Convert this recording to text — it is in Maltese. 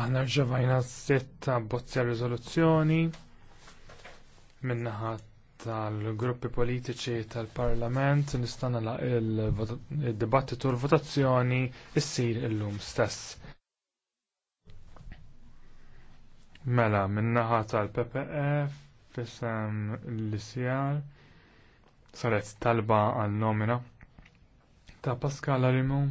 Aħna rġavajna setta bozza rizoluzzjoni minnaħat tal-gruppi politiċi tal-parlament nistana la il-dibattitu il dibattitu l votazzjoni issir illum stess. Mela, minnaħa tal-PPF, e, fissem l-ICR, saret talba għal-nomina ta' Pascal Arimu